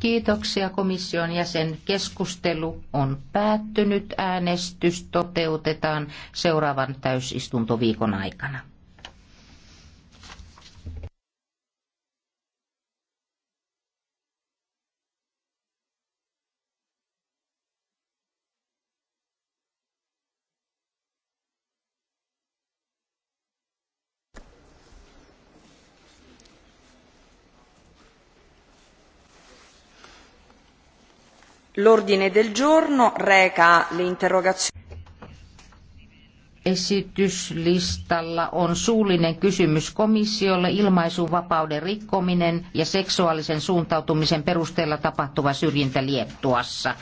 Kiitoksia komission jäsen. Keskustelu on päättynyt. Äänestys toteutetaan seuraavan täysistuntoviikon aikana. L'ordine del giorno reca le interrogazioni. Esityslistalla on suullinen kysymys komissiolle ilmaisuvapauden rikkominen ja seksuaalisen suuntautumisen perusteella tapahtuva syrjintä Liettuassa.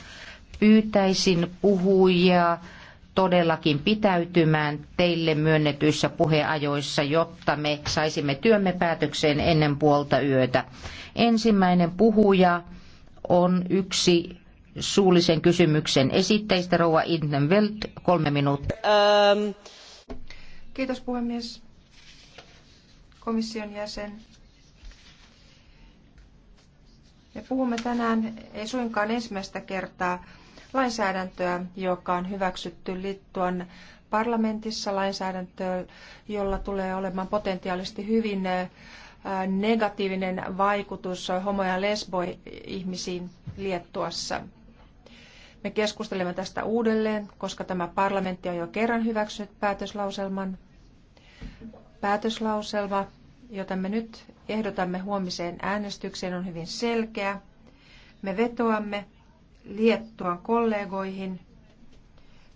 Pyytäisin puhujia todellakin pitäytymään teille myönnetyissä puheajoissa, jotta me saisimme työmme päätökseen ennen puolta yötä. Ensimmäinen puhuja on yksi suullisen kysymyksen esitteistä. Rouva Intenveld, kolme minuuttia. Ähm. Kiitos puhemies. Komission jäsen. Me puhumme tänään ei suinkaan ensimmäistä kertaa lainsäädäntöä, joka on hyväksytty liittuen parlamentissa lainsäädäntöä, jolla tulee olemaan potentiaalisesti hyvin äh, negatiivinen vaikutus homo- ja lesboihmisiin Liettuassa. Me keskustelemme tästä uudelleen, koska tämä parlamentti on jo kerran hyväksynyt päätöslauselman. Päätöslauselma, jota me nyt ehdotamme huomiseen äänestykseen, on hyvin selkeä. Me vetoamme Liettuan kollegoihin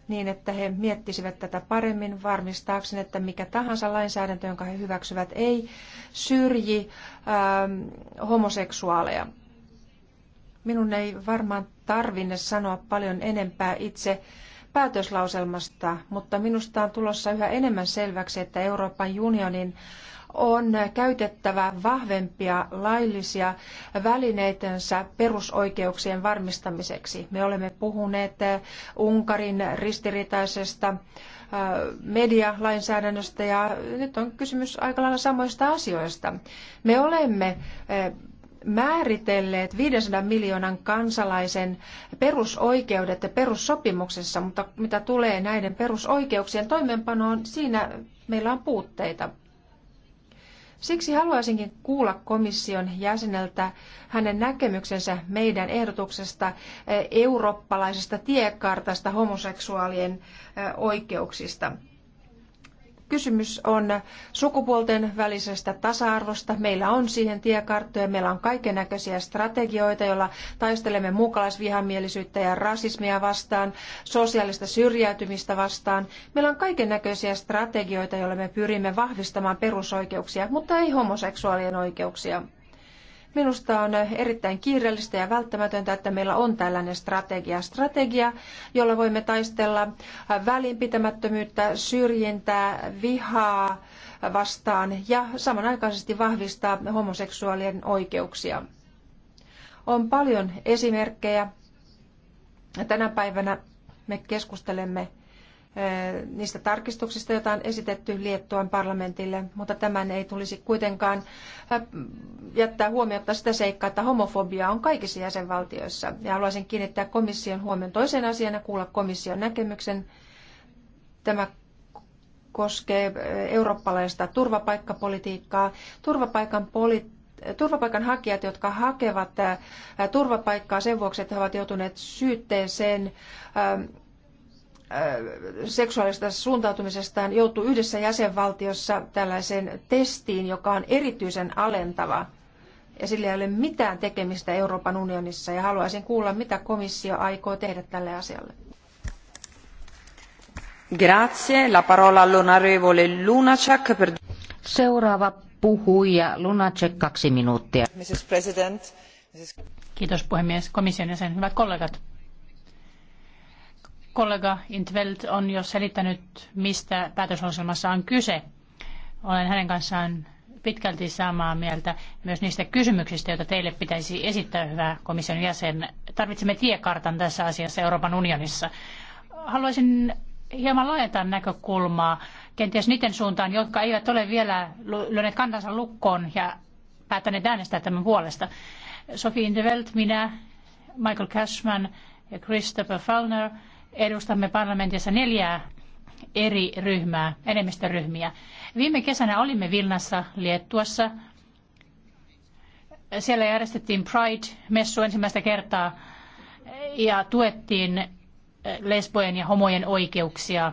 niin, että he miettisivät tätä paremmin varmistaakseen, että mikä tahansa lainsäädäntö, jonka he hyväksyvät, ei syrji ähm, homoseksuaaleja. Minun ei varmaan tarvinne sanoa paljon enempää itse päätöslauselmasta, mutta minusta on tulossa yhä enemmän selväksi, että Euroopan unionin on käytettävä vahvempia laillisia välineitensä perusoikeuksien varmistamiseksi. Me olemme puhuneet eh, Unkarin ristiriitaisesta eh, medialainsäädännöstä ja nyt on kysymys aika lailla samoista asioista. Me olemme eh, määritelleet 500 miljoonan kansalaisen perusoikeudet ja perussopimuksessa, mutta mitä tulee näiden perusoikeuksien toimeenpanoon, siinä meillä on puutteita. Siksi haluaisinkin kuulla komission jäseneltä hänen näkemyksensä meidän ehdotuksesta eh, eurooppalaisesta tiekartasta homoseksuaalien eh, oikeuksista. Kysymys on sukupuolten välisestä tasa-arvosta. Meillä on siihen tiekarttoja, meillä on kaiken näköisiä strategioita, joilla taistelemme muukalaisvihamielisyyttä ja rasismia vastaan, sosiaalista syrjäytymistä vastaan. Meillä on kaiken näköisiä strategioita, joilla me pyrimme vahvistamaan perusoikeuksia, mutta ei homoseksuaalien oikeuksia. Minusta on erittäin kiireellistä ja välttämätöntä, että meillä on tällainen strategia. Strategia, jolla voimme taistella välinpitämättömyyttä, syrjintää, vihaa vastaan ja samanaikaisesti vahvistaa homoseksuaalien oikeuksia. On paljon esimerkkejä. Tänä päivänä me keskustelemme Eh, niistä tarkistuksista, joita on esitetty Liettuan parlamentille, mutta tämän ei tulisi kuitenkaan eh, jättää huomiota sitä seikkaa, että homofobia on kaikissa jäsenvaltioissa. Ja haluaisin kiinnittää komission huomion toiseen asiaan ja kuulla komission näkemyksen. Tämä koskee eh, eurooppalaista turvapaikkapolitiikkaa. Turvapaikan poli- turvapaikanhakijat, jotka hakevat turvapaikkaa sen vuoksi, että he ovat joutuneet syytteeseen Äh, seksuaalista suuntautumisestaan joutuu yhdessä jäsenvaltiossa tällaiseen testiin, joka on erityisen alentava. Ja sillä ei ole mitään tekemistä Euroopan unionissa. Ja haluaisin kuulla, mitä komissio aikoo tehdä tälle asialle. Grazie. La parola all'onorevole Lunacek. Per... Seuraava puhuja, Lunacek, kaksi minuuttia. Mrs. President. Mrs. Kiitos puhemies, komission jäsen, hyvät kollegat Kollega Intveld on jo selittänyt, mistä päätöslauselmassa on kyse. Olen hänen kanssaan pitkälti samaa mieltä myös niistä kysymyksistä, joita teille pitäisi esittää, hyvä komission jäsen. Tarvitsemme tiekartan tässä asiassa Euroopan unionissa. Haluaisin hieman laajentaa näkökulmaa kenties niiden suuntaan, jotka eivät ole vielä lyöneet kantansa lukkoon ja päättäneet äänestää tämän puolesta. Sophie Indevelt, minä, Michael Cashman ja Christopher Fellner. Edustamme parlamentissa neljää eri ryhmää, enemmistöryhmiä. Viime kesänä olimme Vilnassa, Liettuassa. Siellä järjestettiin Pride-messu ensimmäistä kertaa ja tuettiin lesbojen ja homojen oikeuksia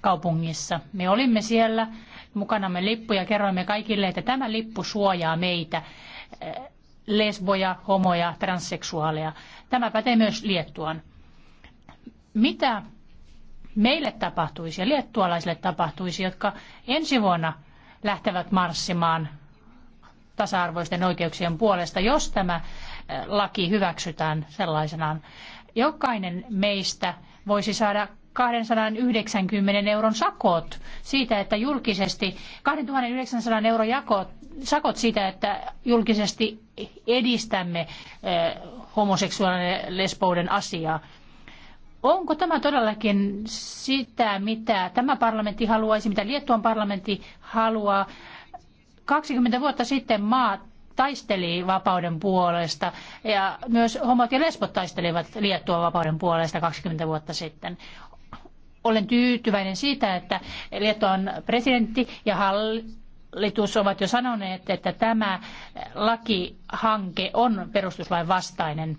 kaupungissa. Me olimme siellä mukanamme lippu ja kerroimme kaikille, että tämä lippu suojaa meitä lesboja, homoja, transseksuaaleja. Tämä pätee myös Liettuan. Mitä meille tapahtuisi ja liettualaisille tapahtuisi, jotka ensi vuonna lähtevät marssimaan tasa-arvoisten oikeuksien puolesta, jos tämä eh, laki hyväksytään sellaisenaan. Jokainen meistä voisi saada 290 euron sakot siitä, että julkisesti, 2900 euron jakot, sakot siitä, että julkisesti edistämme eh, homoseksuaalinen lesbouden asiaa. Onko tämä todellakin sitä, mitä tämä parlamentti haluaisi, mitä Liettuan parlamentti haluaa? 20 vuotta sitten maat taisteli vapauden puolesta ja myös homot ja lesbot taistelivat Liettuan vapauden puolesta 20 vuotta sitten. Olen tyytyväinen siitä, että Liettuan presidentti ja hallitus ovat jo sanoneet, että tämä lakihanke on perustuslain vastainen.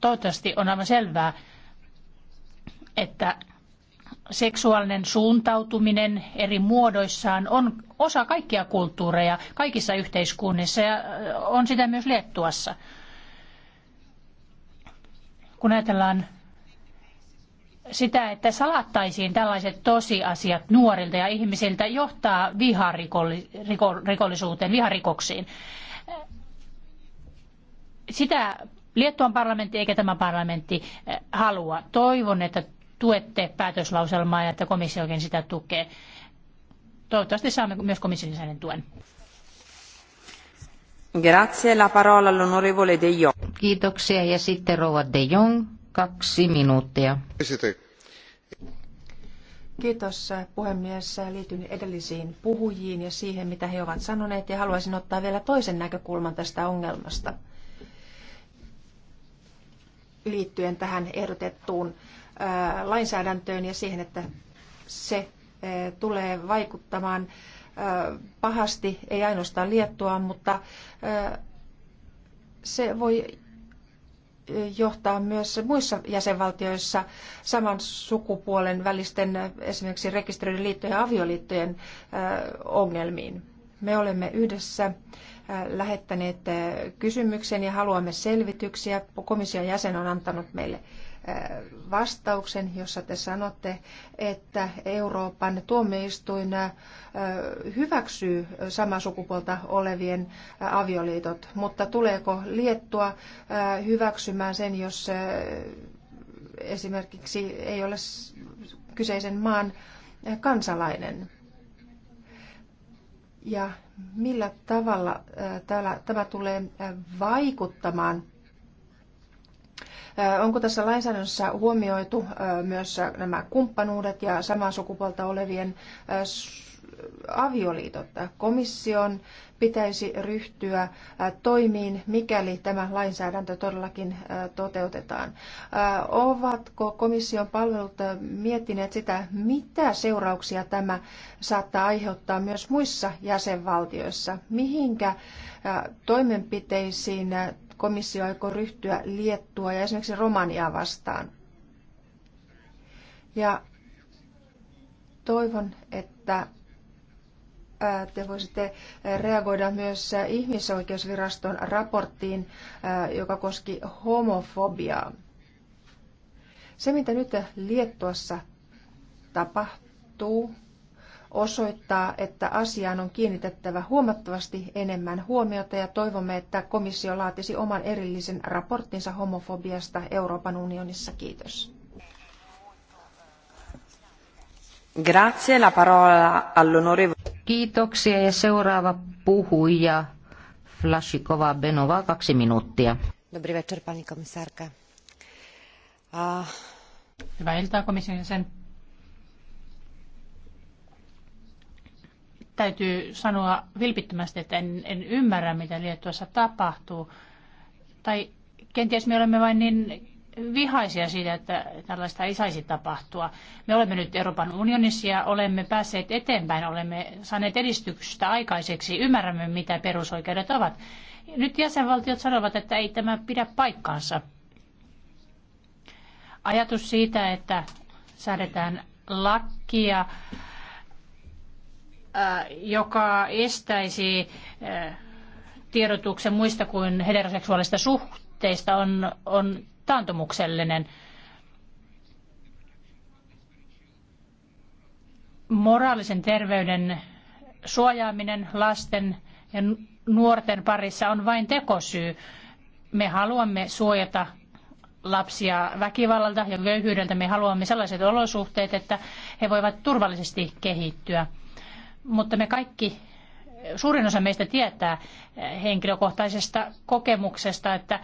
Toivottavasti on aivan selvää, että seksuaalinen suuntautuminen eri muodoissaan on osa kaikkia kulttuureja kaikissa yhteiskunnissa ja on sitä myös Liettuassa. Kun ajatellaan sitä, että salattaisiin tällaiset tosiasiat nuorilta ja ihmisiltä johtaa viharikollisuuteen, viharikoksiin. Sitä Liettuan parlamentti eikä tämä parlamentti halua. Toivon, että tuette päätöslauselmaa ja että komissiokin sitä tukee. Toivottavasti saamme myös komission jäsenen tuen. Grazie, la parola all'onorevole De Jong. Kiitoksia ja sitten rouva De Jong, kaksi minuuttia. Kiitos puhemies. Liityn edellisiin puhujiin ja siihen, mitä he ovat sanoneet ja haluaisin ottaa vielä toisen näkökulman tästä ongelmasta liittyen tähän ehdotettuun lainsäädäntöön ja siihen, että se tulee vaikuttamaan pahasti, ei ainoastaan Liettuaan, mutta se voi johtaa myös muissa jäsenvaltioissa saman sukupuolen välisten esimerkiksi rekisteröiden liittojen ja avioliittojen ongelmiin. Me olemme yhdessä lähettäneet kysymyksen ja haluamme selvityksiä. Komission jäsen on antanut meille vastauksen, jossa te sanotte, että Euroopan tuomioistuin hyväksyy samaa sukupuolta olevien avioliitot, mutta tuleeko Liettua hyväksymään sen, jos esimerkiksi ei ole kyseisen maan kansalainen? Ja millä tavalla tämä tulee vaikuttamaan Onko tässä lainsäädännössä huomioitu myös nämä kumppanuudet ja samaa sukupuolta olevien avioliitot? Komission pitäisi ryhtyä toimiin, mikäli tämä lainsäädäntö todellakin toteutetaan. Ovatko komission palvelut miettineet sitä, mitä seurauksia tämä saattaa aiheuttaa myös muissa jäsenvaltioissa? Mihinkä toimenpiteisiin komissio aikoo ryhtyä Liettua ja esimerkiksi Romaniaa vastaan. Ja toivon, että te voisitte reagoida myös ihmisoikeusviraston raporttiin, joka koski homofobiaa. Se, mitä nyt Liettuassa tapahtuu, osoittaa, että asiaan on kiinnitettävä huomattavasti enemmän huomiota ja toivomme, että komissio laatisi oman erillisen raporttinsa homofobiasta Euroopan unionissa. Kiitos. Grazie, la parola all'onorevole. Kiitoksia ja seuraava puhuja Flashikova Benova, kaksi minuuttia. Dobrý večer, pani komisárka. Uh... Hyvää iltaa komission jäsen. täytyy sanoa vilpittömästi, että en, en ymmärrä, mitä Liettuassa tapahtuu. Tai kenties me olemme vain niin vihaisia siitä, että tällaista ei saisi tapahtua. Me olemme nyt Euroopan unionissa ja olemme päässeet eteenpäin, olemme saaneet edistyksestä aikaiseksi, ymmärrämme mitä perusoikeudet ovat. Nyt jäsenvaltiot sanovat, että ei tämä pidä paikkaansa. Ajatus siitä, että säädetään lakkia. Äh, joka estäisi äh, tiedotuksen muista kuin heteroseksuaalista suhteista, on, on taantumuksellinen. Moraalisen terveyden suojaaminen lasten ja nuorten parissa on vain tekosyy. Me haluamme suojata lapsia väkivallalta ja köyhyydeltä. Me haluamme sellaiset olosuhteet, että he voivat turvallisesti kehittyä mutta me kaikki, suurin osa meistä tietää henkilökohtaisesta kokemuksesta, että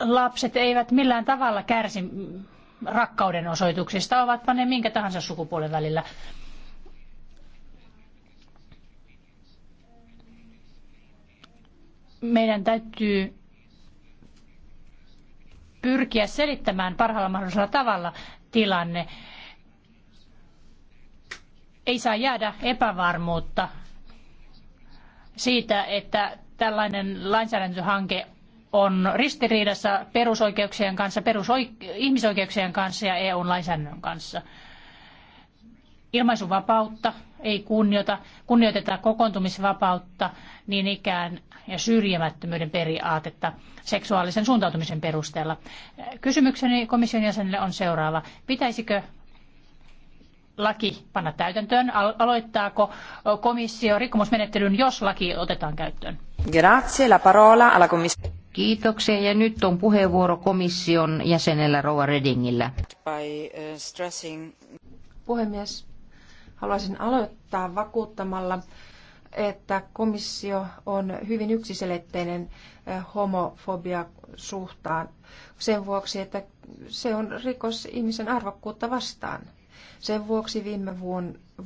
lapset eivät millään tavalla kärsi rakkauden osoituksista, ovatpa ne minkä tahansa sukupuolen välillä. Meidän täytyy pyrkiä selittämään parhaalla mahdollisella tavalla tilanne ei saa jäädä epävarmuutta siitä, että tällainen lainsäädäntöhanke on ristiriidassa perusoikeuksien kanssa, perusoik- ihmisoikeuksien kanssa ja EUn lainsäädännön kanssa. Ilmaisuvapautta ei kunnioita, kunnioiteta kokoontumisvapautta niin ikään ja syrjimättömyyden periaatetta seksuaalisen suuntautumisen perusteella. Kysymykseni komission jäsenelle on seuraava. Pitäisikö laki panna täytäntöön? Aloittaako komissio rikkomusmenettelyn, jos laki otetaan käyttöön? Grazie, la parola alla Kiitoksia ja nyt on puheenvuoro komission jäsenellä Rova Redingillä. By, uh, Puhemies, haluaisin aloittaa vakuuttamalla, että komissio on hyvin yksiselitteinen homofobia suhtaan sen vuoksi, että se on rikos ihmisen arvokkuutta vastaan – sen vuoksi viime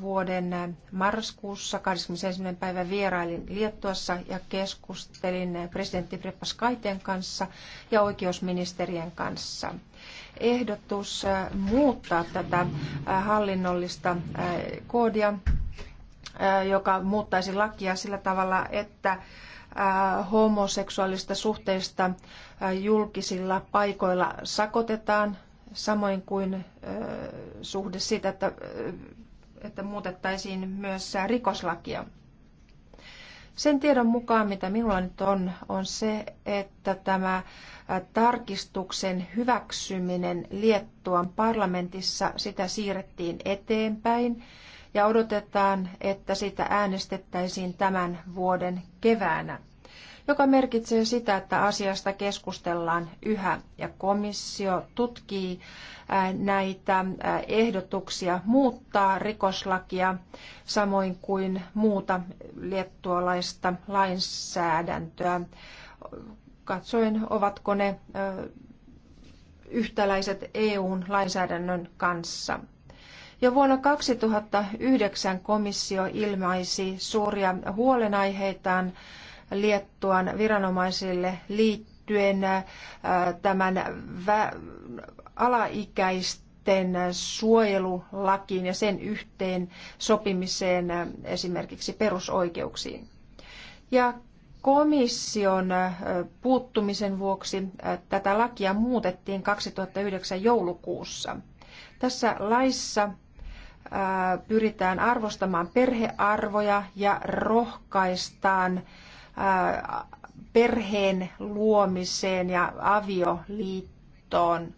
vuoden äh, marraskuussa 21. päivä vierailin Liettuassa ja keskustelin äh, presidentti Preppas Kaiten kanssa ja oikeusministerien kanssa. Ehdotus äh, muuttaa tätä hallinnollista koodia, joka muuttaisi lakia sillä tavalla, että homoseksuaalista suhteista julkisilla paikoilla sakotetaan samoin kuin suhde siitä, että, että muutettaisiin myös rikoslakia. Sen tiedon mukaan, mitä minulla nyt on, on se, että tämä tarkistuksen hyväksyminen Liettuan parlamentissa, sitä siirrettiin eteenpäin ja odotetaan, että sitä äänestettäisiin tämän vuoden keväänä joka merkitsee sitä, että asiasta keskustellaan yhä ja komissio tutkii näitä ehdotuksia muuttaa rikoslakia samoin kuin muuta liettualaista lainsäädäntöä katsoen, ovatko ne yhtäläiset EUn lainsäädännön kanssa. Jo vuonna 2009 komissio ilmaisi suuria huolenaiheitaan Liettuan viranomaisille liittyen äh, tämän alaikäisten suojelulakiin ja sen yhteen sopimiseen äh, esimerkiksi perusoikeuksiin. Ja komission äh, puuttumisen vuoksi tätä lakia muutettiin 2009 joulukuussa. Tässä laissa pyritään arvostamaan perhearvoja ja rohkaistaan perheen luomiseen ja avioliittoon.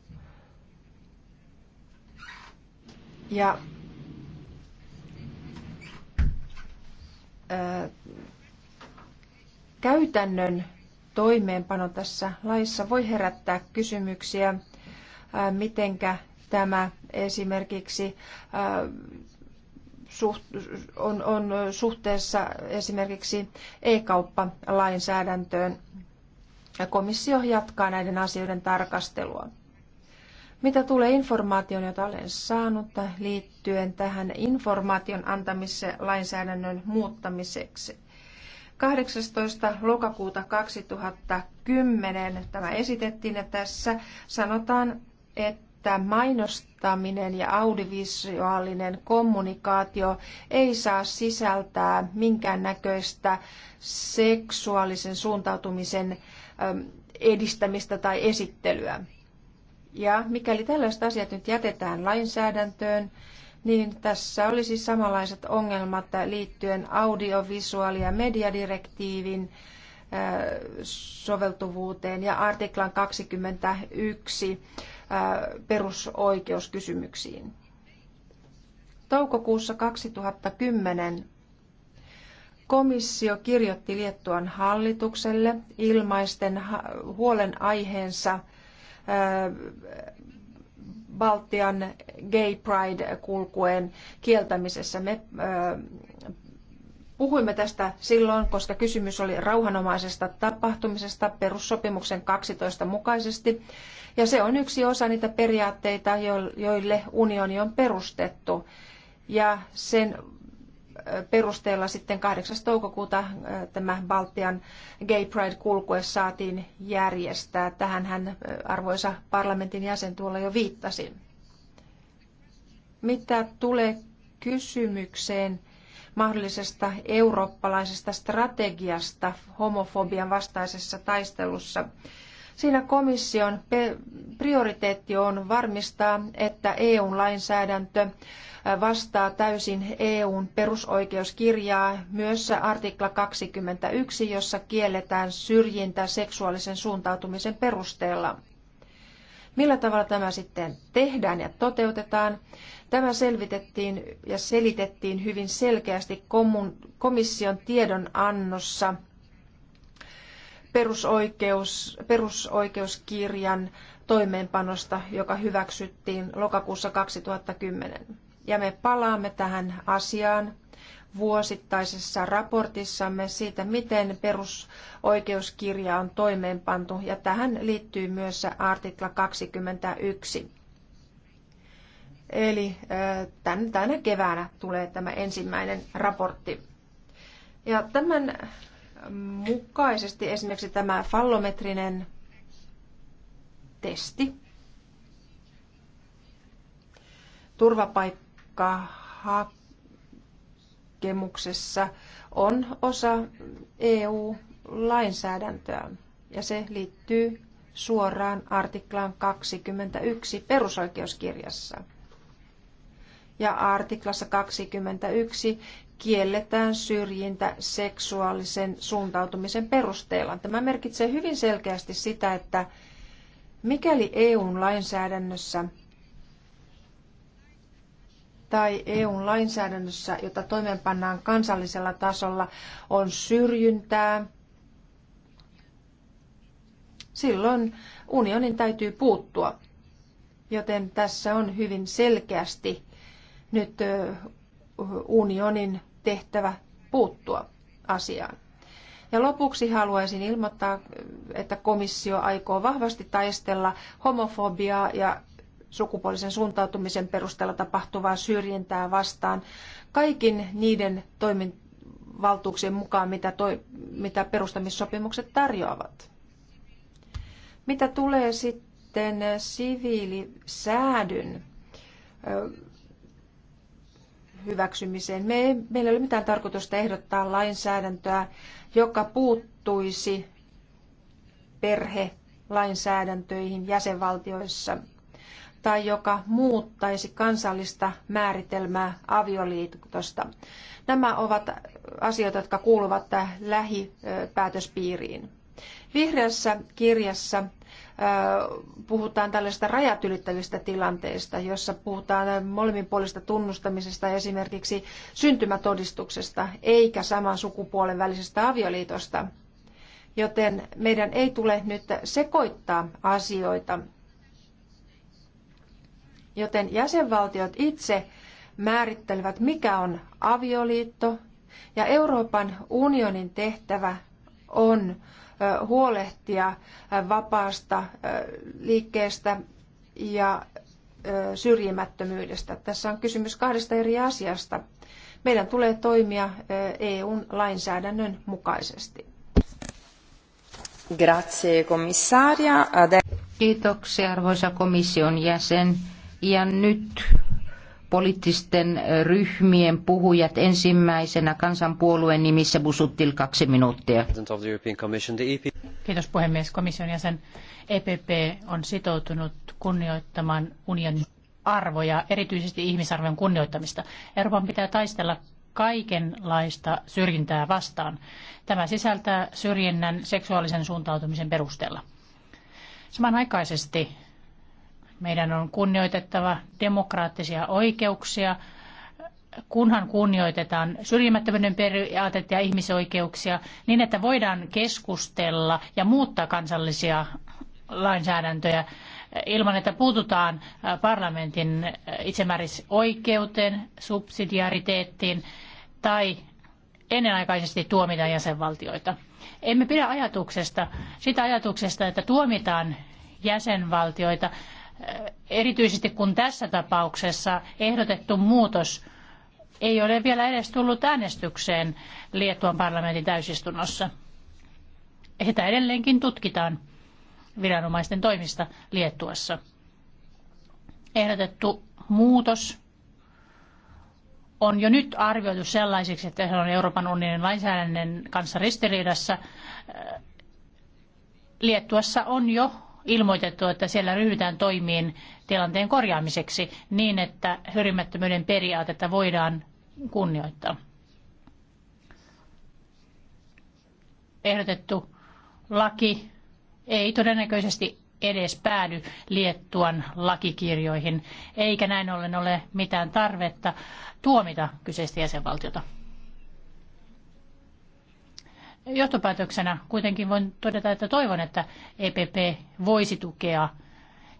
Ja käytännön toimeenpano tässä laissa voi herättää kysymyksiä, mitenkä tämä esimerkiksi suht, on, on suhteessa esimerkiksi e-kauppalainsäädäntöön. Komissio jatkaa näiden asioiden tarkastelua. Mitä tulee informaatioon, jota olen saanut liittyen tähän informaation antamiseen lainsäädännön muuttamiseksi? 18. lokakuuta 2010 tämä esitettiin ja tässä sanotaan, että että mainostaminen ja audiovisuaalinen kommunikaatio ei saa sisältää minkäännäköistä seksuaalisen suuntautumisen edistämistä tai esittelyä. Ja mikäli tällaiset asiat nyt jätetään lainsäädäntöön, niin tässä olisi samanlaiset ongelmat liittyen audiovisuaali- ja mediadirektiivin soveltuvuuteen ja artiklan 21 perusoikeuskysymyksiin. Toukokuussa 2010 komissio kirjoitti Liettuan hallitukselle ilmaisten huolenaiheensa Baltian Gay Pride-kulkueen kieltämisessä. Me Puhuimme tästä silloin, koska kysymys oli rauhanomaisesta tapahtumisesta perussopimuksen 12 mukaisesti, ja se on yksi osa niitä periaatteita, joille unioni on perustettu. Ja sen perusteella sitten 8. toukokuuta tämä Baltian Gay Pride-kulkue saatiin järjestää. Tähän hän arvoisa parlamentin jäsen tuolla jo viittasi. Mitä tulee kysymykseen mahdollisesta eurooppalaisesta strategiasta homofobian vastaisessa taistelussa. Siinä komission prioriteetti on varmistaa, että EU-lainsäädäntö äh, vastaa täysin EUn perusoikeuskirjaa myös artikla 21, jossa kielletään syrjintä seksuaalisen suuntautumisen perusteella. Millä tavalla tämä sitten tehdään ja toteutetaan? Tämä selvitettiin ja selitettiin hyvin selkeästi komission tiedonannossa perusoikeus, perusoikeuskirjan toimeenpanosta, joka hyväksyttiin lokakuussa 2010. Ja me palaamme tähän asiaan vuosittaisessa raportissamme siitä, miten perusoikeuskirja on toimeenpantu, ja tähän liittyy myös artikla 21. Eli äh, tän, tänä keväänä tulee tämä ensimmäinen raportti. Ja tämän mukaisesti esimerkiksi tämä fallometrinen testi, turvapaikkahakemuksessa on osa EU-lainsäädäntöä ja se liittyy suoraan artiklaan 21 perusoikeuskirjassa – ja artiklassa 21 kielletään syrjintä seksuaalisen suuntautumisen perusteella. Tämä merkitsee hyvin selkeästi sitä, että mikäli EUn lainsäädännössä tai EUn lainsäädännössä, jota toimeenpannaan kansallisella tasolla, on syrjintää, silloin unionin täytyy puuttua. Joten tässä on hyvin selkeästi nyt unionin tehtävä puuttua asiaan. Ja lopuksi haluaisin ilmoittaa, että komissio aikoo vahvasti taistella homofobiaa ja sukupuolisen suuntautumisen perusteella tapahtuvaa syrjintää vastaan kaikin niiden toimivaltuuksien mukaan, mitä, toi, mitä perustamissopimukset tarjoavat. Mitä tulee sitten siviilisäädyn hyväksymiseen. Me, meillä ei ole mitään tarkoitusta ehdottaa lainsäädäntöä, joka puuttuisi perhelainsäädäntöihin jäsenvaltioissa tai joka muuttaisi kansallista määritelmää avioliitosta. Nämä ovat asioita, jotka kuuluvat lähipäätöspiiriin. Vihreässä kirjassa puhutaan tällaisista rajat ylittävistä tilanteista, jossa puhutaan molemminpuolista tunnustamisesta esimerkiksi syntymätodistuksesta eikä saman sukupuolen välisestä avioliitosta. Joten meidän ei tule nyt sekoittaa asioita. Joten jäsenvaltiot itse määrittelevät, mikä on avioliitto, ja Euroopan unionin tehtävä on huolehtia vapaasta liikkeestä ja syrjimättömyydestä. Tässä on kysymys kahdesta eri asiasta. Meidän tulee toimia EUn lainsäädännön mukaisesti. Grazie, Kiitoksia, arvoisa komission jäsen. Ja nyt poliittisten ryhmien puhujat ensimmäisenä kansanpuolueen nimissä Busuttil kaksi minuuttia. E Kiitos puhemies komission jäsen. EPP on sitoutunut kunnioittamaan unionin arvoja, erityisesti ihmisarvon kunnioittamista. Euroopan pitää taistella kaikenlaista syrjintää vastaan. Tämä sisältää syrjinnän seksuaalisen suuntautumisen perusteella. Samanaikaisesti meidän on kunnioitettava demokraattisia oikeuksia, kunhan kunnioitetaan syrjimättömyyden periaatetta ja ihmisoikeuksia, niin että voidaan keskustella ja muuttaa kansallisia lainsäädäntöjä ilman, että puututaan parlamentin itsemäärisoikeuteen, subsidiariteettiin tai ennenaikaisesti tuomita jäsenvaltioita. Emme pidä ajatuksesta, sitä ajatuksesta, että tuomitaan jäsenvaltioita erityisesti kun tässä tapauksessa ehdotettu muutos ei ole vielä edes tullut äänestykseen Liettuan parlamentin täysistunnossa. Heitä edelleenkin tutkitaan viranomaisten toimista Liettuassa. Ehdotettu muutos on jo nyt arvioitu sellaisiksi, että se on Euroopan unionin lainsäädännön kanssa ristiriidassa. Liettuassa on jo ilmoitettu, että siellä ryhdytään toimiin tilanteen korjaamiseksi niin, että hyrimättömyyden periaatetta voidaan kunnioittaa. Ehdotettu laki ei todennäköisesti edes päädy Liettuan lakikirjoihin, eikä näin ollen ole mitään tarvetta tuomita kyseistä jäsenvaltiota johtopäätöksenä kuitenkin voin todeta, että toivon, että EPP voisi tukea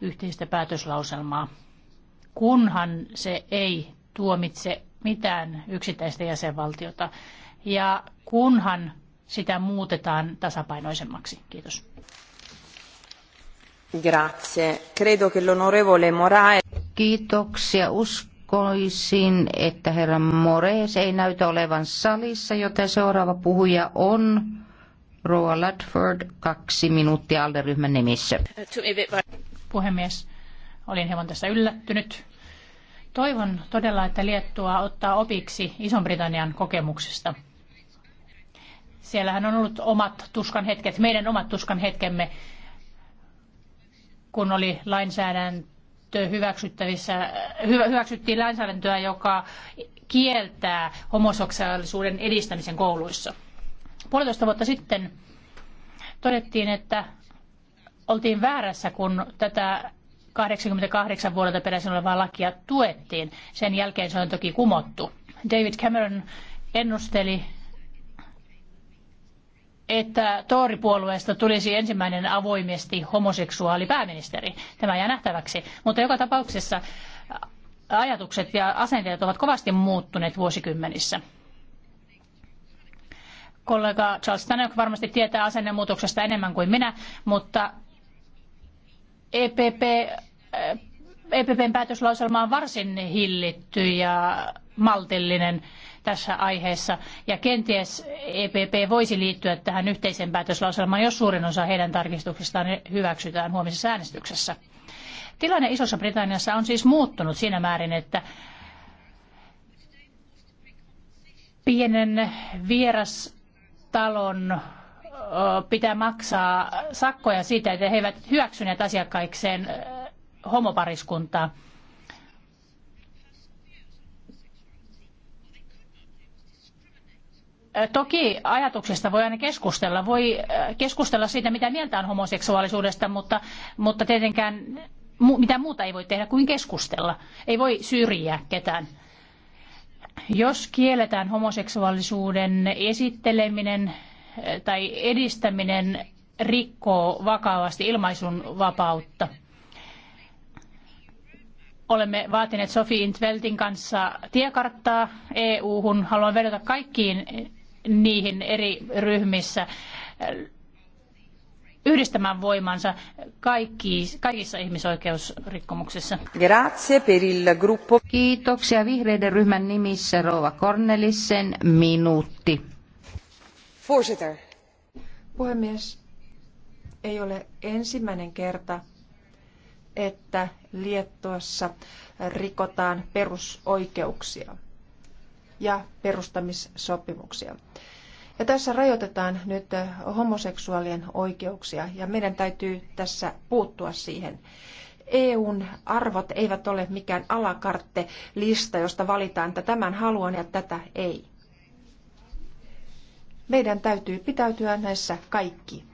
yhteistä päätöslauselmaa, kunhan se ei tuomitse mitään yksittäistä jäsenvaltiota ja kunhan sitä muutetaan tasapainoisemmaksi. Kiitos. Grazie. Credo che l'onorevole Kiitoksia. Uskon erikoisin, että herra Mores ei näytä olevan salissa, joten seuraava puhuja on Roa Ladford, kaksi minuuttia alderyhmän nimissä. Puhemies, olin hieman tässä yllättynyt. Toivon todella, että Liettua ottaa opiksi Ison-Britannian kokemuksesta. Siellähän on ollut omat tuskan hetket, meidän omat tuskan hetkemme, kun oli lainsäädäntö hyväksyttävissä, hyväksyttiin lainsäädäntöä, joka kieltää homoseksuaalisuuden edistämisen kouluissa. Puolitoista vuotta sitten todettiin, että oltiin väärässä, kun tätä 88 vuodelta peräisin olevaa lakia tuettiin. Sen jälkeen se on toki kumottu. David Cameron ennusteli että Tooripuolueesta tulisi ensimmäinen avoimesti homoseksuaali pääministeri. Tämä jää nähtäväksi. Mutta joka tapauksessa ajatukset ja asenteet ovat kovasti muuttuneet vuosikymmenissä. Kollega Charles Tannock varmasti tietää asennemuutoksesta enemmän kuin minä, mutta EPP, EPPn päätöslauselma on varsin hillitty ja maltillinen tässä aiheessa. Ja kenties EPP voisi liittyä tähän yhteiseen päätöslauselmaan, jos suurin osa heidän tarkistuksistaan hyväksytään huomisessa äänestyksessä. Tilanne Isossa Britanniassa on siis muuttunut siinä määrin, että pienen vierastalon pitää maksaa sakkoja siitä, että he eivät hyväksyneet asiakkaikseen homopariskuntaa. Toki ajatuksista voi aina keskustella. Voi keskustella siitä, mitä mieltä on homoseksuaalisuudesta, mutta, mutta tietenkään mitä muuta ei voi tehdä kuin keskustella. Ei voi syrjiä ketään. Jos kielletään homoseksuaalisuuden esitteleminen tai edistäminen, rikkoo vakavasti ilmaisun vapautta olemme vaatineet Sofi Intveltin kanssa tiekarttaa EU-hun. Haluan vedota kaikkiin niihin eri ryhmissä äh, yhdistämään voimansa kaikki, kaikissa ihmisoikeusrikkomuksissa. Grazie per il gruppo. Kiitoksia vihreiden ryhmän nimissä Rova Cornelissen minuutti. Voorzitter. Puhemies, ei ole ensimmäinen kerta, että Liettuassa rikotaan perusoikeuksia ja perustamissopimuksia. Ja tässä rajoitetaan nyt äh, homoseksuaalien oikeuksia ja meidän täytyy tässä puuttua siihen. EUn arvot eivät ole mikään alakartte lista, josta valitaan, että tämän haluan ja tätä ei. Meidän täytyy pitäytyä näissä kaikki.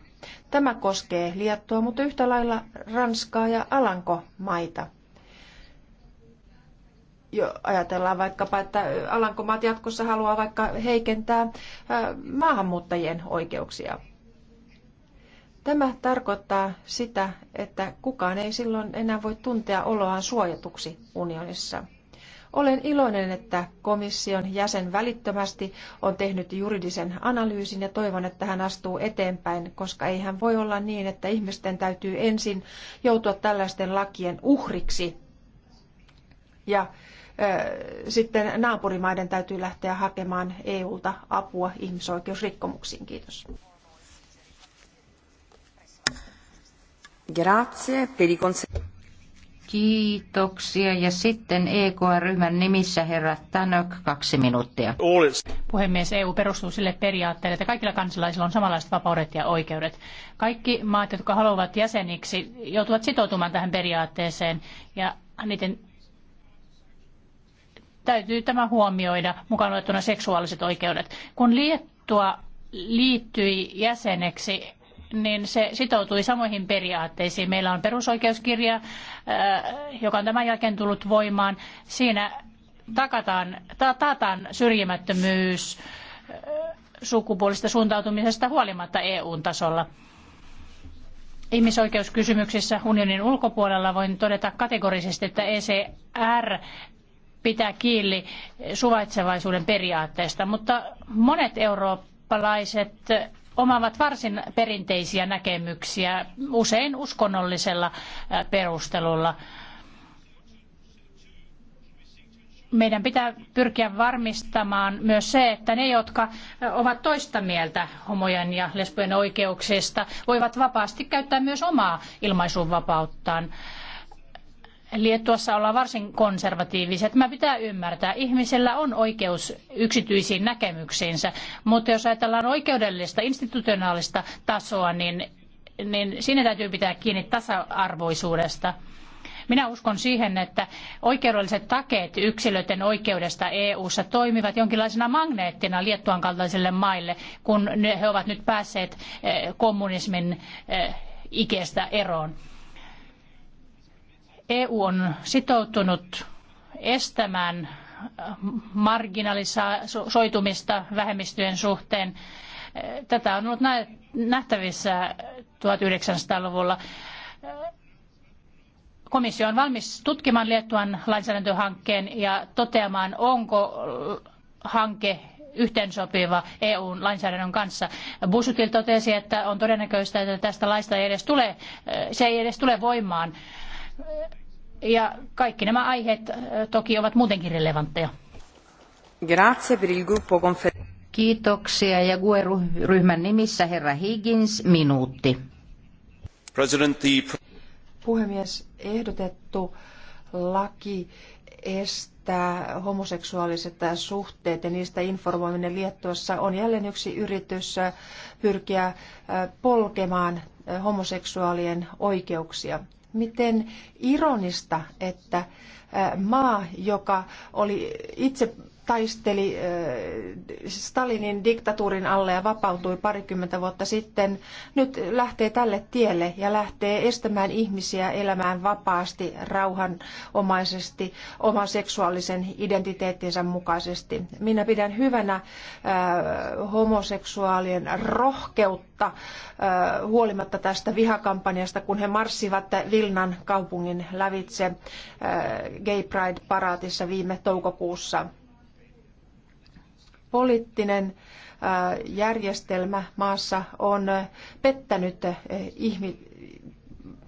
Tämä koskee Liettua, mutta yhtä lailla Ranskaa ja Alankomaita jo ajatellaan vaikkapa, että Alankomaat jatkossa haluaa vaikka heikentää maahanmuuttajien oikeuksia. Tämä tarkoittaa sitä, että kukaan ei silloin enää voi tuntea oloaan suojatuksi unionissa. Olen iloinen, että komission jäsen välittömästi on tehnyt juridisen analyysin ja toivon, että hän astuu eteenpäin, koska ei hän voi olla niin, että ihmisten täytyy ensin joutua tällaisten lakien uhriksi ja sitten naapurimaiden täytyy lähteä hakemaan EUlta apua ihmisoikeusrikkomuksiin. Kiitos. Grazie per i Kiitoksia. Ja sitten EKR-ryhmän nimissä herra Tanok, kaksi minuuttia. Puhemies, EU perustuu sille periaatteelle, että kaikilla kansalaisilla on samanlaiset vapaudet ja oikeudet. Kaikki maat, jotka haluavat jäseniksi, joutuvat sitoutumaan tähän periaatteeseen ja niiden täytyy tämä huomioida, mukaan luettuna seksuaaliset oikeudet. Kun Liettua liittyi jäseneksi, niin se sitoutui samoihin periaatteisiin. Meillä on perusoikeuskirja, äh, joka on tämän jälkeen tullut voimaan. Siinä takataan, ta- taataan syrjimättömyys äh, sukupuolista suuntautumisesta huolimatta eu tasolla. Ihmisoikeuskysymyksissä unionin ulkopuolella voin todeta kategorisesti, että ECR pitää kiinni suvaitsevaisuuden periaatteesta, mutta monet eurooppalaiset omaavat varsin perinteisiä näkemyksiä, usein uskonnollisella perustelulla. Meidän pitää pyrkiä varmistamaan myös se, että ne, jotka ovat toista mieltä homojen ja lesbojen oikeuksista, voivat vapaasti käyttää myös omaa ilmaisuvapauttaan. Liettuassa ollaan varsin konservatiivisia. Tämä pitää ymmärtää. Ihmisellä on oikeus yksityisiin näkemyksiinsä, mutta jos ajatellaan oikeudellista, institutionaalista tasoa, niin, niin siinä täytyy pitää kiinni tasa-arvoisuudesta. Minä uskon siihen, että oikeudelliset takeet yksilöiden oikeudesta EU-ssa toimivat jonkinlaisena magneettina Liettuan kaltaisille maille, kun he ovat nyt päässeet eh, kommunismin eh, ikeestä eroon. EU on sitoutunut estämään marginalisoitumista vähemmistöjen suhteen. Tätä on ollut nähtävissä 1900-luvulla. Komissio on valmis tutkimaan Liettuan lainsäädäntöhankkeen ja toteamaan, onko hanke yhteensopiva EUn lainsäädännön kanssa. Busutil totesi, että on todennäköistä, että tästä laista ei edes tule, se ei edes tule voimaan. Ja kaikki nämä aiheet äh, toki ovat muutenkin relevantteja. Grazie per il gruppo confer- Kiitoksia ja GUE-ryhmän nimissä herra Higgins, minuutti. Puhemies, ehdotettu laki estää homoseksuaaliset suhteet ja niistä informoiminen Liettuassa on jälleen yksi yritys äh, pyrkiä äh, polkemaan homoseksuaalien oikeuksia miten ironista, että maa, joka oli itse taisteli äh, Stalinin diktatuurin alle ja vapautui parikymmentä vuotta sitten, nyt lähtee tälle tielle ja lähtee estämään ihmisiä elämään vapaasti, rauhanomaisesti, oman seksuaalisen identiteettinsä mukaisesti. Minä pidän hyvänä äh, homoseksuaalien rohkeutta äh, huolimatta tästä vihakampanjasta, kun he marssivat Vilnan kaupungin lävitse Gay Pride-paraatissa viime toukokuussa poliittinen järjestelmä maassa on pettänyt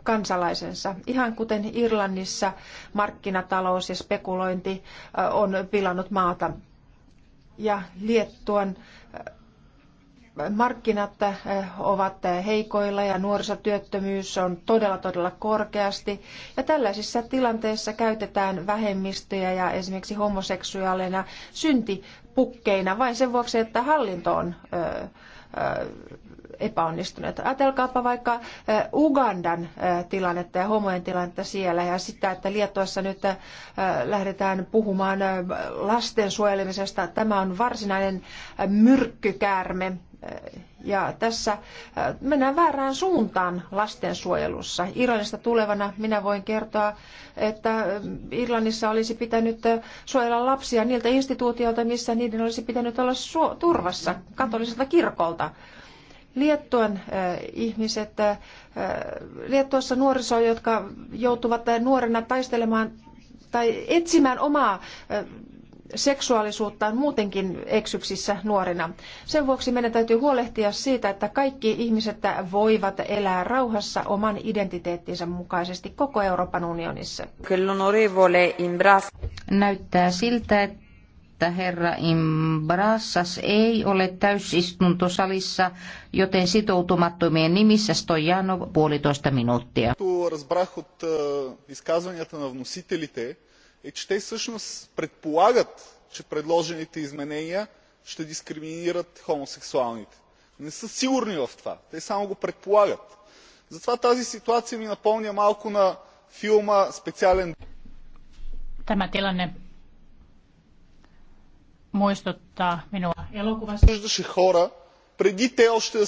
kansalaisensa. Ihan kuten Irlannissa markkinatalous ja spekulointi on pilannut maata. Ja Liettuan markkinat eh, ovat heikoilla ja nuorisotyöttömyys on todella todella korkeasti. Ja tällaisissa tilanteissa käytetään vähemmistöjä ja esimerkiksi homoseksuaaleina syntipukkeina vain sen vuoksi, että hallinto on eh, eh, epäonnistunut. Ajatelkaapa vaikka Ugandan tilannetta ja homojen tilannetta siellä ja sitä, että Liettuassa nyt lähdetään puhumaan lasten suojelemisesta. Tämä on varsinainen myrkkykäärme ja tässä äh, mennään väärään suuntaan lastensuojelussa. Irlannista tulevana minä voin kertoa, että äh, Irlannissa olisi pitänyt äh, suojella lapsia niiltä instituutioilta, missä niiden olisi pitänyt olla turvassa, katoliselta kirkolta. Liettuan ihmiset, Liettuassa nuoriso, jotka joutuvat nuorena taistelemaan tai etsimään omaa seksuaalisuuttaan muutenkin eksyksissä nuorina. Sen vuoksi meidän täytyy huolehtia siitä, että kaikki ihmiset voivat elää rauhassa oman identiteettinsä mukaisesti koko Euroopan unionissa. Näyttää siltä, että herra Imbrassas ei ole täysistuntosalissa, joten sitoutumattomien nimissä Stojanov puolitoista minuuttia е че те всъщност предполагат че предложените изменения ще дискриминират хомосексуалните. не са сигурни в това те само го предполагат. затова тази ситуация ми напомня малко на филма специален Tämä tilanne muistuttaa minua elokuvasta. хора преди те още да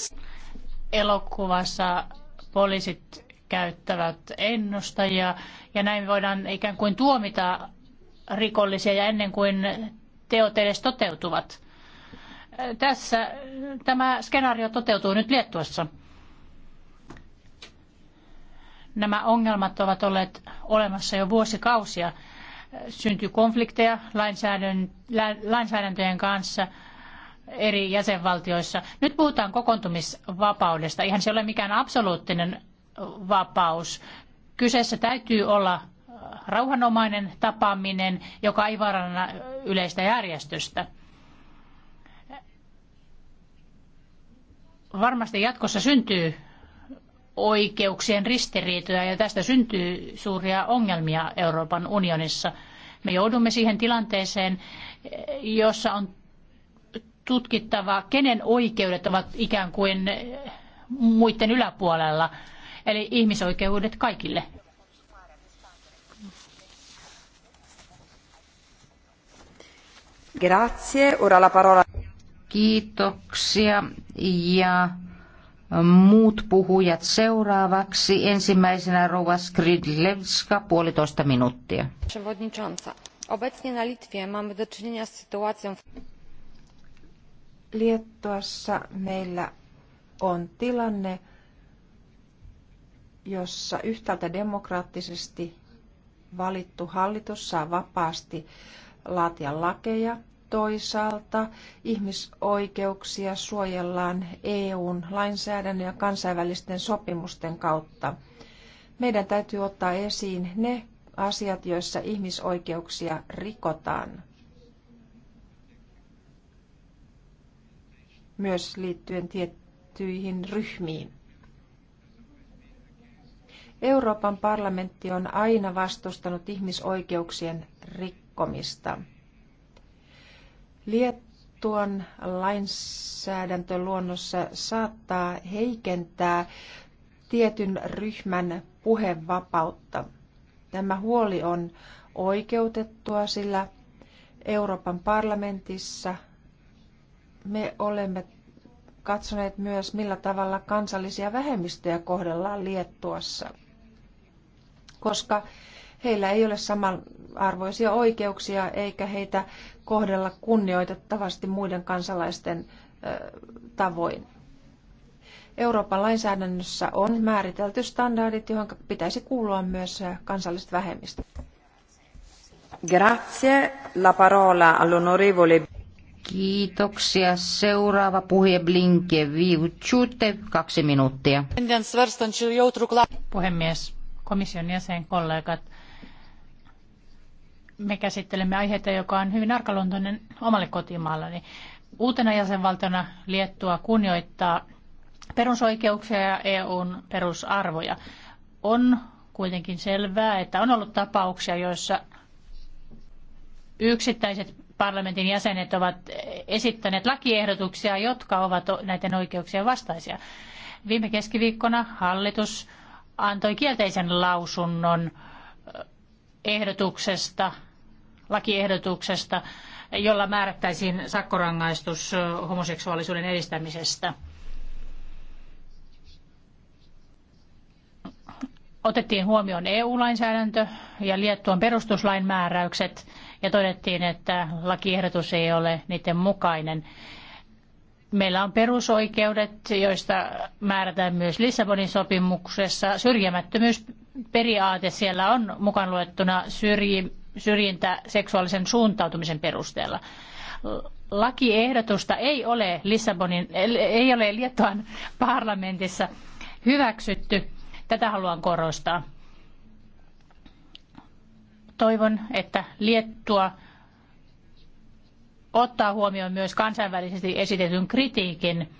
Elokuvassa poliisit käyttävät ennustajia ja näin voidaan ikään kuin tuomita rikollisia ja ennen kuin teot edes toteutuvat. Tässä tämä skenaario toteutuu nyt Liettuassa. Nämä ongelmat ovat olleet olemassa jo vuosikausia. Syntyy konflikteja lainsäädäntöjen kanssa eri jäsenvaltioissa. Nyt puhutaan kokoontumisvapaudesta. Ihan se ei ole mikään absoluuttinen vapaus. Kyseessä täytyy olla äh, rauhanomainen tapaaminen, joka ei vaaranna yleistä järjestystä. Varmasti jatkossa syntyy oikeuksien ristiriitoja ja tästä syntyy suuria ongelmia Euroopan unionissa. Me joudumme siihen tilanteeseen, jossa on tutkittava, kenen oikeudet ovat ikään kuin muiden yläpuolella – eli ihmisoikeudet kaikille. Grazie, ora la parola. Kiitoksia ja muut puhujat seuraavaksi. Ensimmäisenä Rova Skridlevska, puolitoista minuuttia. Obecnie na Litwie mamy do czynienia z sytuacją... w Lietuassa meillä on tilanne, jossa yhtäältä demokraattisesti valittu hallitus saa vapaasti laatia lakeja, toisaalta ihmisoikeuksia suojellaan EUn lainsäädännön ja kansainvälisten sopimusten kautta. Meidän täytyy ottaa esiin ne asiat, joissa ihmisoikeuksia rikotaan. Myös liittyen tiettyihin ryhmiin. Euroopan parlamentti on aina vastustanut ihmisoikeuksien rikkomista. Liettuan lainsäädäntöluonnossa saattaa heikentää tietyn ryhmän puhevapautta. Tämä huoli on oikeutettua, sillä Euroopan parlamentissa me olemme katsoneet myös, millä tavalla kansallisia vähemmistöjä kohdellaan Liettuassa – koska heillä ei ole samanarvoisia oikeuksia eikä heitä kohdella kunnioitettavasti muiden kansalaisten tavoin. Euroopan lainsäädännössä on määritelty standardit, johon pitäisi kuulua myös kansalliset vähemmistöt. Grazie. La parola all'onorevole. Kiitoksia. Seuraava puhe Blinke Viuchute, kaksi minuuttia. Puhemies, komission jäsenkollegat. Me käsittelemme aiheita, joka on hyvin arkaluontoinen omalle kotimaallani. Uutena jäsenvaltiona Liettua kunnioittaa perusoikeuksia ja EUn perusarvoja. On kuitenkin selvää, että on ollut tapauksia, joissa yksittäiset parlamentin jäsenet ovat esittäneet lakiehdotuksia, jotka ovat näiden oikeuksien vastaisia. Viime keskiviikkona hallitus antoi kielteisen lausunnon eh, ehdotuksesta, lakiehdotuksesta, jolla määrättäisiin sakkorangaistus eh, homoseksuaalisuuden edistämisestä. Otettiin huomioon EU-lainsäädäntö ja Liettuan perustuslain määräykset ja todettiin, että lakiehdotus ei ole niiden mukainen. Meillä on perusoikeudet, joista määrätään myös Lissabonin sopimuksessa. Syrjimättömyysperiaate siellä on mukaan luettuna syrjintä seksuaalisen suuntautumisen perusteella. Lakiehdotusta ei ole, Lissabonin, ei ole Liettuan parlamentissa hyväksytty. Tätä haluan korostaa. Toivon, että Liettua ottaa huomioon myös kansainvälisesti esitetyn kritiikin,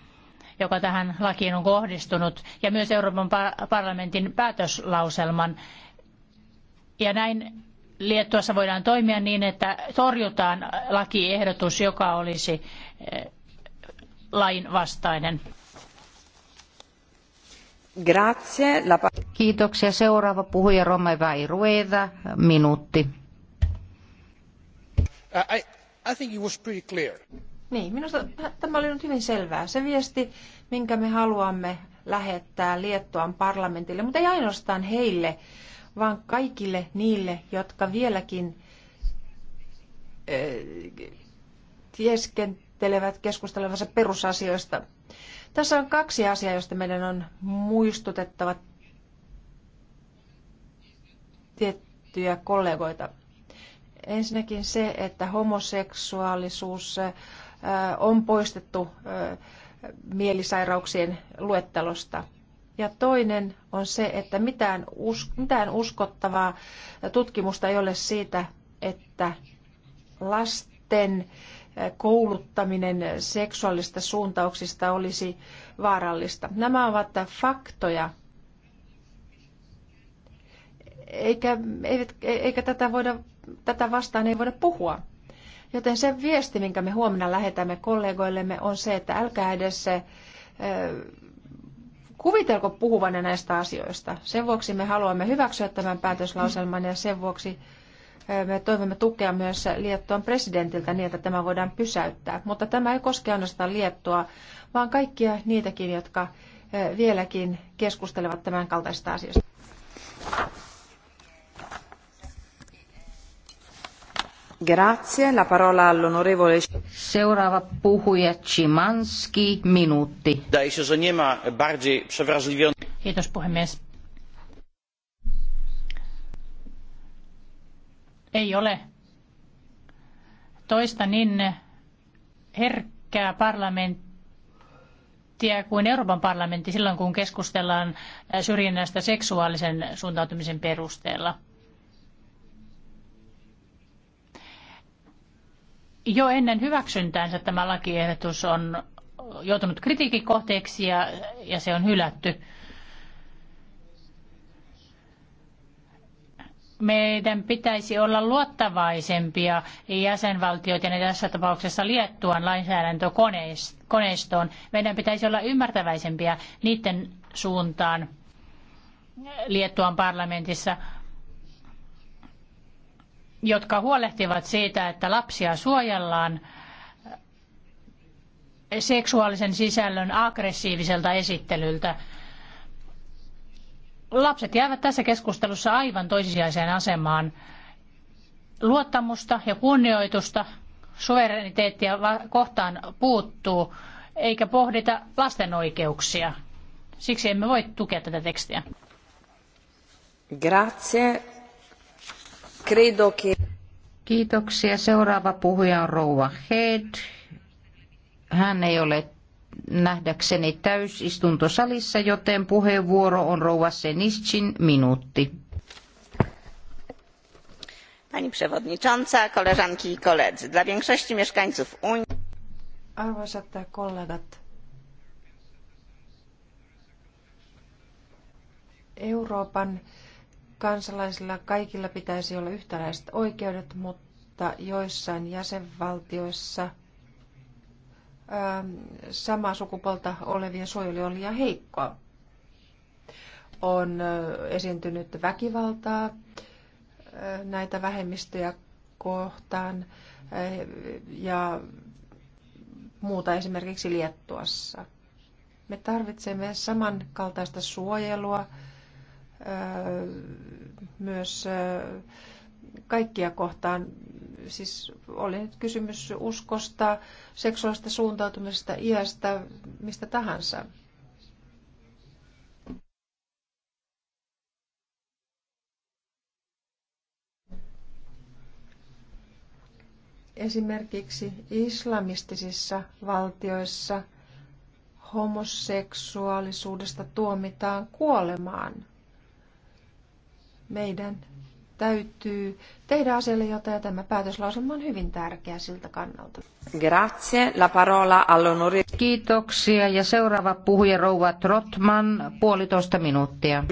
joka tähän lakiin on kohdistunut, ja myös Euroopan parlamentin päätöslauselman. Ja näin Liettuassa voidaan toimia niin, että torjutaan lakiehdotus, joka olisi eh, lain vastainen. Kiitoksia. Seuraava puhuja Romeva Irueda, minuutti. Uh, I think it was pretty clear. Niin, minusta tämä oli nyt hyvin selvää. Se viesti, minkä me haluamme lähettää Liettuan parlamentille, mutta ei ainoastaan heille, vaan kaikille niille, jotka vieläkin äh, tieskentelevät keskustelevansa perusasioista. Tässä on kaksi asiaa, joista meidän on muistutettava tiettyjä kollegoita. Ensinnäkin se, että homoseksuaalisuus on poistettu mielisairauksien luettelosta. Ja toinen on se, että mitään, us, mitään uskottavaa tutkimusta ei ole siitä, että lasten kouluttaminen seksuaalista suuntauksista olisi vaarallista. Nämä ovat faktoja, eikä, eikä, e-, eikä tätä voida tätä vastaan ei voida puhua. Joten se viesti, minkä me huomenna lähetämme kollegoillemme, on se, että älkää edes se, kuvitelko puhuvanne näistä asioista. Sen vuoksi me haluamme hyväksyä tämän päätöslauselman ja sen vuoksi me toivomme tukea myös Liettuan presidentiltä niin, että tämä voidaan pysäyttää. Mutta tämä ei koske ainoastaan Liettua, vaan kaikkia niitäkin, jotka vieläkin keskustelevat tämän kaltaisista asioista. Grazie. La parola all'onorevole... Seuraava puhuja Chimanski, minuutti. Kiitos puhemies. Ei ole toista niin herkkää parlamenttia kuin Euroopan parlamentti silloin, kun keskustellaan syrjinnästä seksuaalisen suuntautumisen perusteella. jo ennen hyväksyntäänsä tämä lakiehdotus on joutunut kritiikin kohteeksi ja, ja se on hylätty. Meidän pitäisi olla luottavaisempia jäsenvaltioiden ja tässä tapauksessa Liettuan lainsäädäntökoneistoon. Meidän pitäisi olla ymmärtäväisempiä niiden suuntaan Liettuan parlamentissa – jotka huolehtivat siitä, että lapsia suojellaan seksuaalisen sisällön aggressiiviselta esittelyltä. Lapset jäävät tässä keskustelussa aivan toisiaiseen asemaan. Luottamusta ja kunnioitusta suvereniteettia kohtaan puuttuu, eikä pohdita lasten oikeuksia. Siksi emme voi tukea tätä tekstiä. Grazie. Credo che... Kiitoksia. Seuraava puhuja on Rouva Head. Hän ei ole nähdäkseni täysistuntosalissa, joten puheenvuoro on Rouva Senischin minuutti. Pani przewodnicząca, koleżanki i koledzy. Dla większości mieszkańców Unii... Arvoisat kollegat, Euroopan kansalaisilla kaikilla pitäisi olla yhtäläiset oikeudet, mutta joissain jäsenvaltioissa ähm, samaa sukupuolta olevien suojelu on liian heikkoa. On äh, esiintynyt väkivaltaa äh, näitä vähemmistöjä kohtaan äh, ja muuta esimerkiksi Liettuassa. Me tarvitsemme samankaltaista suojelua myös kaikkia kohtaan. Siis oli nyt kysymys uskosta, seksuaalista suuntautumisesta, iästä, mistä tahansa. Esimerkiksi islamistisissa valtioissa homoseksuaalisuudesta tuomitaan kuolemaan – meidän täytyy tehdä asialle jotain ja tämä päätöslauselma on hyvin tärkeä siltä kannalta. Grazie, la parola all'onore. Kiitoksia ja seuraava puhuja rouva Trotman, puolitoista minuuttia.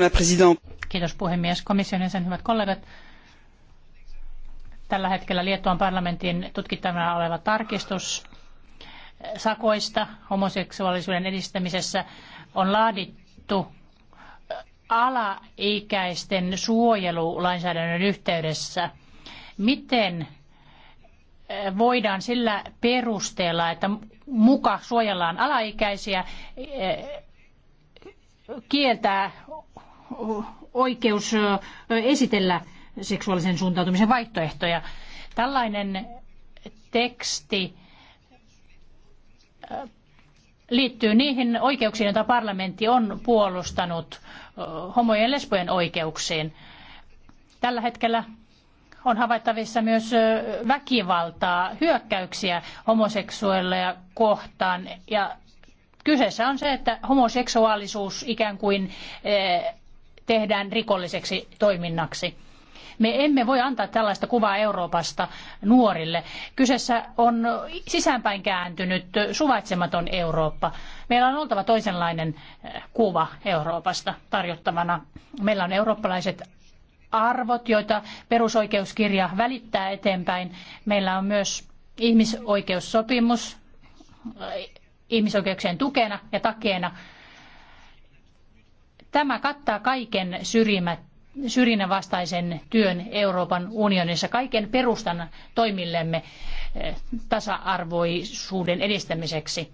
Kiitos puhemies, komission jäsen, hyvät kollegat. Tällä hetkellä Liettuan parlamentin tutkittavana oleva tarkistus sakoista homoseksuaalisuuden edistämisessä on laadittu alaikäisten suojelulainsäädännön yhteydessä. Miten eh, voidaan sillä perusteella, että muka suojellaan alaikäisiä, eh, kieltää oikeus eh, esitellä seksuaalisen suuntautumisen vaihtoehtoja. Tällainen teksti liittyy niihin oikeuksiin, joita parlamentti on puolustanut homojen ja lesbojen oikeuksiin. Tällä hetkellä on havaittavissa myös väkivaltaa, hyökkäyksiä homoseksuaaleja kohtaan. Ja kyseessä on se, että homoseksuaalisuus ikään kuin tehdään rikolliseksi toiminnaksi. Me emme voi antaa tällaista kuvaa Euroopasta nuorille. Kyseessä on sisäänpäin kääntynyt, suvaitsematon Eurooppa. Meillä on oltava toisenlainen eh, kuva Euroopasta tarjottavana. Meillä on eurooppalaiset arvot, joita perusoikeuskirja välittää eteenpäin. Meillä on myös ihmisoikeussopimus eh, ihmisoikeuksien tukena ja takeena. Tämä kattaa kaiken syrjimättä syrjinnän vastaisen työn Euroopan unionissa, kaiken perustan toimillemme eh, tasa-arvoisuuden edistämiseksi.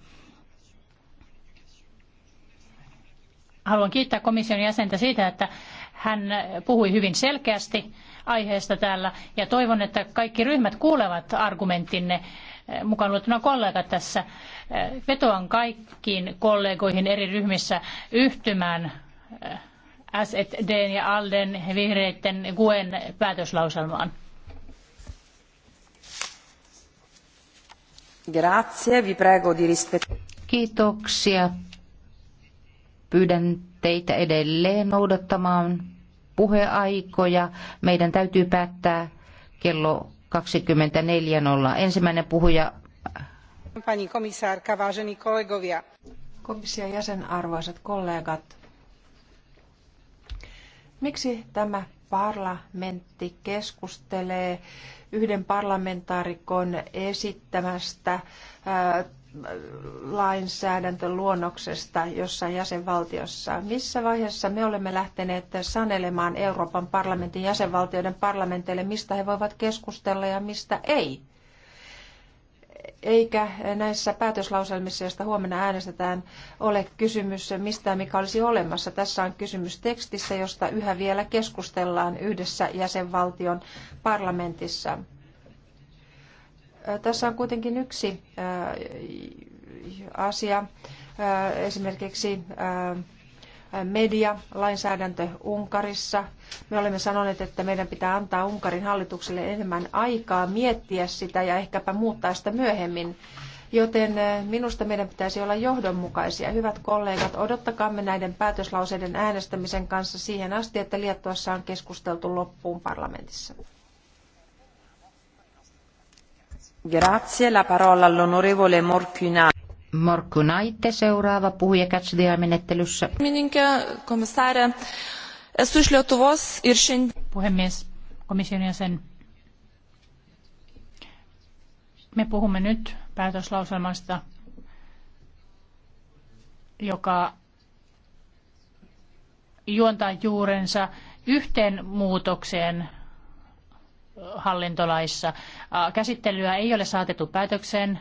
Haluan kiittää komission jäsentä siitä, että hän puhui hyvin selkeästi aiheesta täällä ja toivon, että kaikki ryhmät kuulevat argumenttinne eh, mukaan luettuna kollegat tässä. Eh, vetoan kaikkiin kollegoihin eri ryhmissä yhtymään SEDn ja ALDEn vihreiden kuen päätöslauselmaan. Grazie, vi prego di rispettare. Kiitoksia. Pyydän teitä edelleen noudattamaan puheaikoja. Meidän täytyy päättää kello 24.00. Ensimmäinen puhuja. Pani komissaarka, vážení kollegovia. Komission jäsen, arvoisat kollegat. Miksi tämä parlamentti keskustelee yhden parlamentaarikon esittämästä ää, lainsäädäntöluonnoksesta jossain jäsenvaltiossa. Missä vaiheessa me olemme lähteneet sanelemaan Euroopan parlamentin jäsenvaltioiden parlamenteille, mistä he voivat keskustella ja mistä ei? eikä näissä päätöslauselmissa, joista huomenna äänestetään, ole kysymys mistään, mikä olisi olemassa. Tässä on kysymys tekstistä, josta yhä vielä keskustellaan yhdessä jäsenvaltion parlamentissa. Tässä on kuitenkin yksi asia, esimerkiksi media, lainsäädäntö Unkarissa. Me olemme sanoneet, että meidän pitää antaa Unkarin hallitukselle enemmän aikaa miettiä sitä ja ehkäpä muuttaa sitä myöhemmin. Joten eh, minusta meidän pitäisi olla johdonmukaisia. Hyvät kollegat, odottakaamme näiden päätöslauseiden äänestämisen kanssa siihen asti, että Liettuassa on keskusteltu loppuun parlamentissa. Grazie, la parola all'onorevole Morkku Naitte, seuraava puhuja Catch menettelyssä Mininkä, komissaare, esu iš Lietuvos ir šiandien... Puhemies, komission jäsen. Me puhumme nyt päätöslauselmasta, joka juontaa juurensa yhteen muutokseen hallintolaissa. Käsittelyä ei ole saatettu päätökseen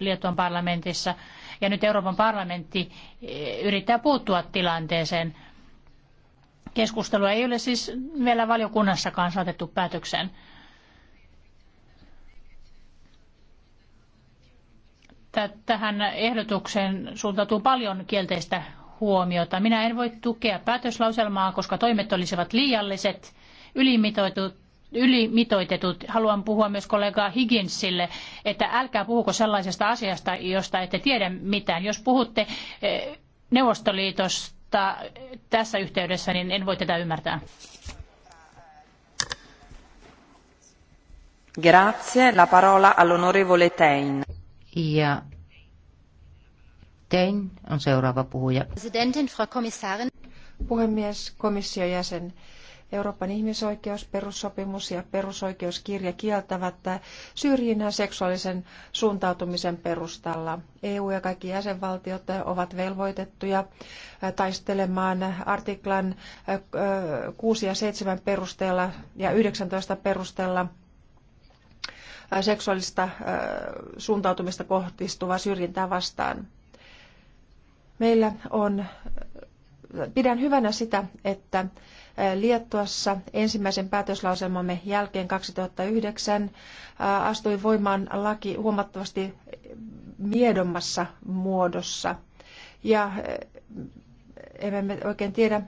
Liettuan parlamentissa. Ja nyt Euroopan parlamentti eh, yrittää puuttua tilanteeseen. Keskustelua ei ole siis vielä valiokunnassakaan saatettu päätökseen. Tähän ehdotukseen suuntautuu paljon kielteistä huomiota. Minä en voi tukea päätöslauselmaa, koska toimet olisivat liialliset, ylimitoitut ylimitoitetut. Haluan puhua myös kollega Higginsille, että älkää puhuko sellaisesta asiasta, josta ette tiedä mitään. Jos puhutte eh, Neuvostoliitosta tässä yhteydessä, niin en voi tätä ymmärtää. Grazie. La parola all'onorevole Tein. Ja Tein on seuraava puhuja. Puhemies, komission jäsen Euroopan ihmisoikeus, perussopimus ja perusoikeuskirja kieltävät syrjinnän seksuaalisen suuntautumisen perustalla. EU ja kaikki jäsenvaltiot ovat velvoitettuja taistelemaan artiklan 6 ja 7 perusteella ja 19 perusteella seksuaalista suuntautumista kohtistuvaa syrjintää vastaan. Meillä on, pidän hyvänä sitä, että Äh, Liettuassa ensimmäisen päätöslauselmamme jälkeen 2009 äh, astui voimaan laki huomattavasti miedommassa muodossa. Ja äh, emme me oikein tiedä,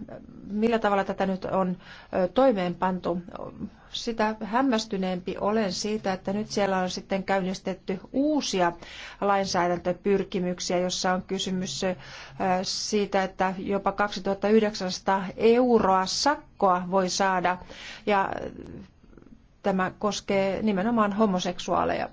millä tavalla tätä nyt on toimeenpantu. Sitä hämmästyneempi olen siitä, että nyt siellä on sitten käynnistetty uusia lainsäädäntöpyrkimyksiä, jossa on kysymys siitä, että jopa 2900 euroa sakkoa voi saada. Ja tämä koskee nimenomaan homoseksuaaleja.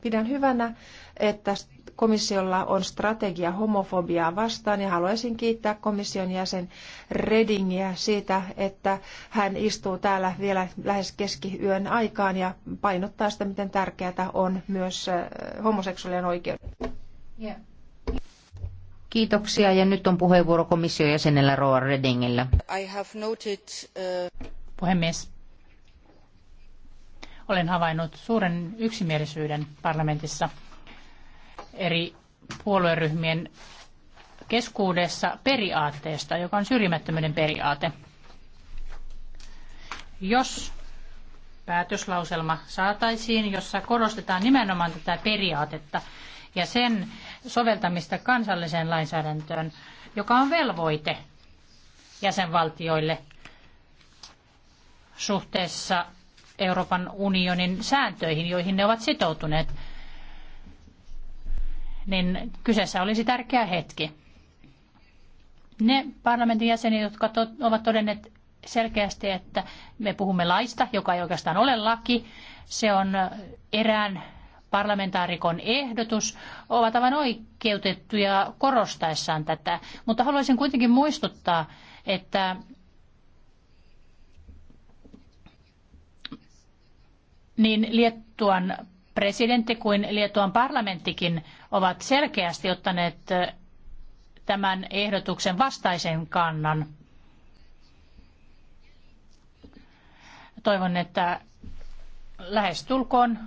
Pidän hyvänä, että komissiolla on strategia homofobiaa vastaan ja haluaisin kiittää komission jäsen Redingiä siitä, että hän istuu täällä vielä lähes keskiyön aikaan ja painottaa sitä, miten tärkeää on myös äh, homoseksuaalien oikeudet. Yeah. Kiitoksia ja nyt on puheenvuoro komission jäsenellä Roa Redingillä. I have noted, uh... Puhemies, olen havainnut suuren yksimielisyyden parlamentissa – eri puolueryhmien keskuudessa periaatteesta, joka on syrjimättömyyden periaate. Jos päätöslauselma saataisiin, jossa korostetaan nimenomaan tätä periaatetta ja sen soveltamista kansalliseen lainsäädäntöön, joka on velvoite jäsenvaltioille suhteessa Euroopan unionin sääntöihin, joihin ne ovat sitoutuneet – niin kyseessä olisi tärkeä hetki. Ne parlamentin jäsenet, jotka to- ovat todenneet selkeästi, että me puhumme laista, joka ei oikeastaan ole laki, se on erään parlamentaarikon ehdotus, ovat aivan oikeutettuja korostaessaan tätä. Mutta haluaisin kuitenkin muistuttaa, että niin Liettuan presidentti kuin Liettuan parlamenttikin ovat selkeästi ottaneet eh, tämän ehdotuksen vastaisen kannan. Toivon, että lähestulkoon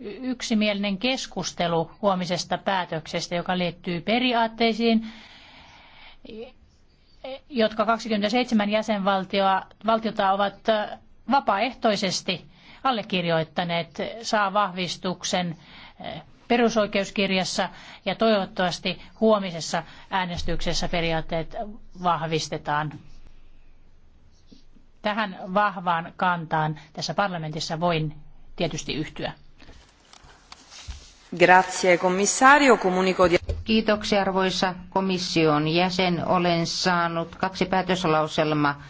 yksimielinen keskustelu huomisesta päätöksestä, joka liittyy periaatteisiin, jotka 27 jäsenvaltiota ovat eh, vapaaehtoisesti – allekirjoittaneet saa vahvistuksen eh, perusoikeuskirjassa ja toivottavasti huomisessa äänestyksessä periaatteet vahvistetaan. Tähän vahvaan kantaan tässä parlamentissa voin tietysti yhtyä. Grazie, komissario. Comunico di... Kiitoksia arvoisa komission jäsen. Olen saanut kaksi päätöslauselmaa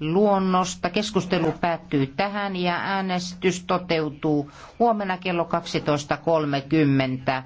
luonnosta. Keskustelu päättyy tähän ja äänestys toteutuu huomenna kello 12.30.